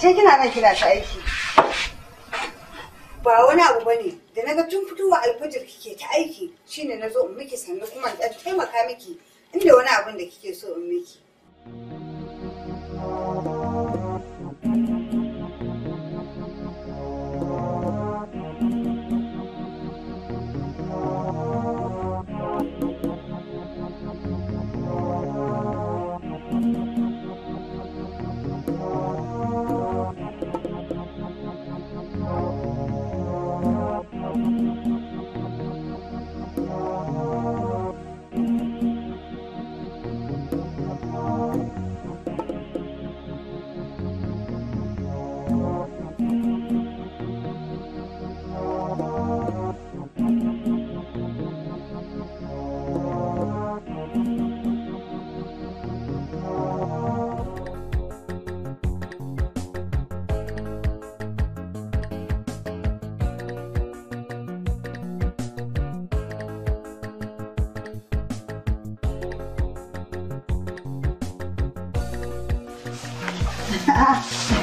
ashe kina nan kina ta aiki ba wani abu bane da naga tun fitowa alfajir kike ta aiki shine nazo in miki sannu kuma in taimaka miki inda wani abun da kike so in miki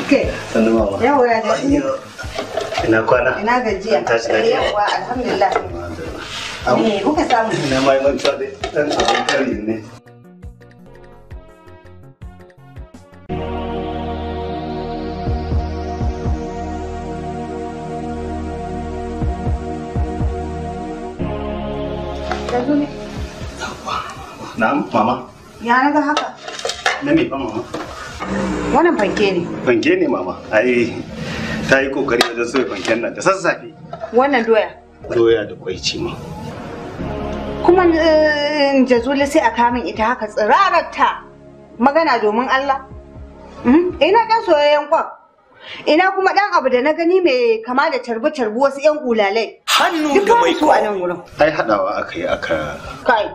okay sannu mama yawa ya ji ina kwana ina gajiya tashi lafiya yawa alhamdulillah me kuka samu ina mai manta dai dan abin kari ne Na'am, mama. Ya na ga haka. Na me fa mama? Wannan fanke ne. Fanke ne mama. Ai ta yi kokari wajen soya fanken nan da sassafe. Wannan doya. Doya da kwai ce ma. Kuma eh, jazuli sai a kamun ita haka tsirararta magana domin Allah. Mhm. Ina ɗan soyayyen kwan. Ina kuma ɗan abu da na gani mai kama da tarbu-tarbu wasu 'yan kulalai. Hannu da mai kwa. Ai haɗawa aka yi aka. Kai.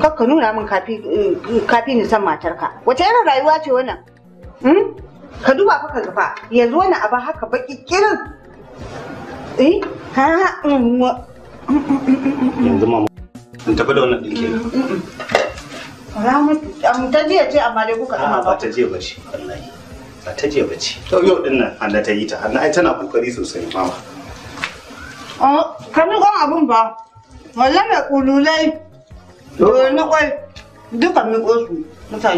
kar ka nuna min kafi eh, ni san matarka wace irin rayuwa ce wannan hmm? ka duba fa ka fa. yanzu wani abin haka baki kirin eh ha mm, mm, mm, yanzu mama in tafi da wannan din kenan Ramatu, ta jiya ce amma dai kuka ɗuma ba. Ta jiya ba ce, Ba ta jiya ba ce. To yau ɗin nan Hanna ta yi ta, Hanna ai tana kokari sosai mama. Oh, ka mi abun ba, wallahi mai na kwai duka miƙo su banza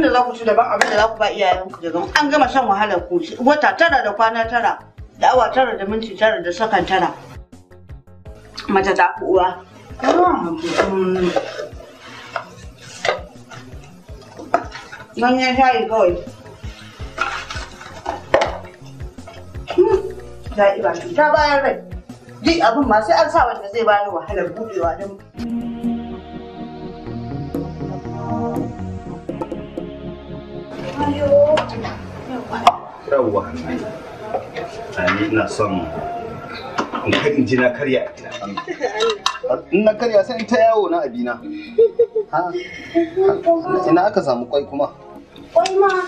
da za ku ci daban da za ku ba iyayenku daban an gama shan wahalar ku wata tara da kwana tara da awa tara da minti tara da sakan tara ta kawai hmm, ta duk abin ma sai an sa wanda zai bani wahalar budewa don yawwa ni ina son in karin ji na karya a in na karya sai ta yawo na abina ina aka samu kwai kuma kwai ma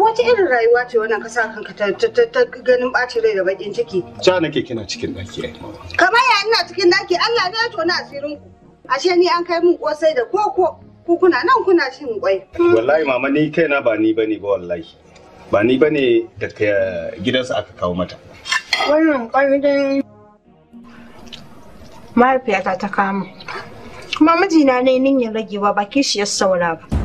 Wace irin rayuwa ce wannan kasa kanka ta ganin ɓaci rai da bakin ciki? Ja nake kina cikin ɗaki ai. Kamar ya ina cikin ɗaki Allah ne ya tona asirin ku. Ashe ni an kai min kosai da koko ku kuna nan kuna shin kwai. Wallahi mama ni kaina ba ni bane ba wallahi. Ba ni bane da gidansa aka kawo mata. Wannan ƙarfin mahaifiyata ta kama. Kuma mijina ne nin ya rage ba ba ya saura ba.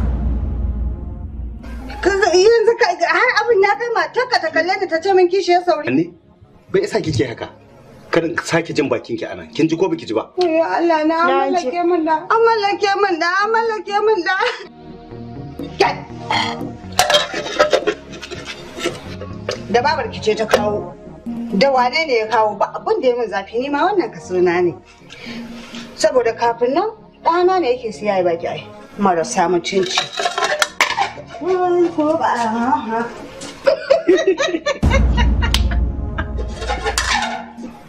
yanzu har abin ya kai matarka ta kalle ni ta ce min kishiyar sauri. Ni bai isa kike haka. Karin sake jin bakin ki anan. Kin ji ko biki ji ba? Ya Allah na amalake min da. Amalake min da. Amalake min da. Da babar ki ce ta kawo. Da wane ne ya kawo ba abin da ya min zafi ni ma wannan kaso na ne. Saboda kafin nan ɗana ne yake siya ya baki ai. Marasa mutunci. ko ba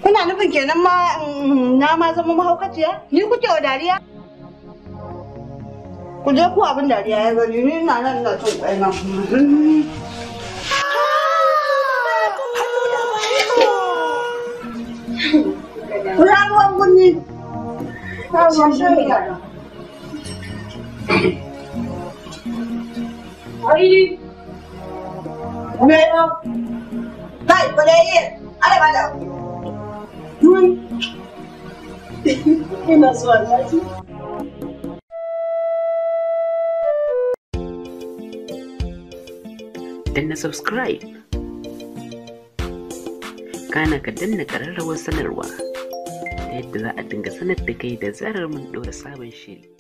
kuna nufin kenan ma na ma zama mahaukaciya ni kuke wa dariya ku je ku abin dariya ya gani ni na nan na cin kwai nan Rawan bunyi. Rawan bunyi. Ai. Me ya. Dai, pode ir. Ale, valeu. Dui. Ina zuwa lafiya. Danna subscribe. Kana ka danna ƙararrawar sanarwa ta yadda za a dinga sanar da kai da zarar mun ɗora sabon shiri.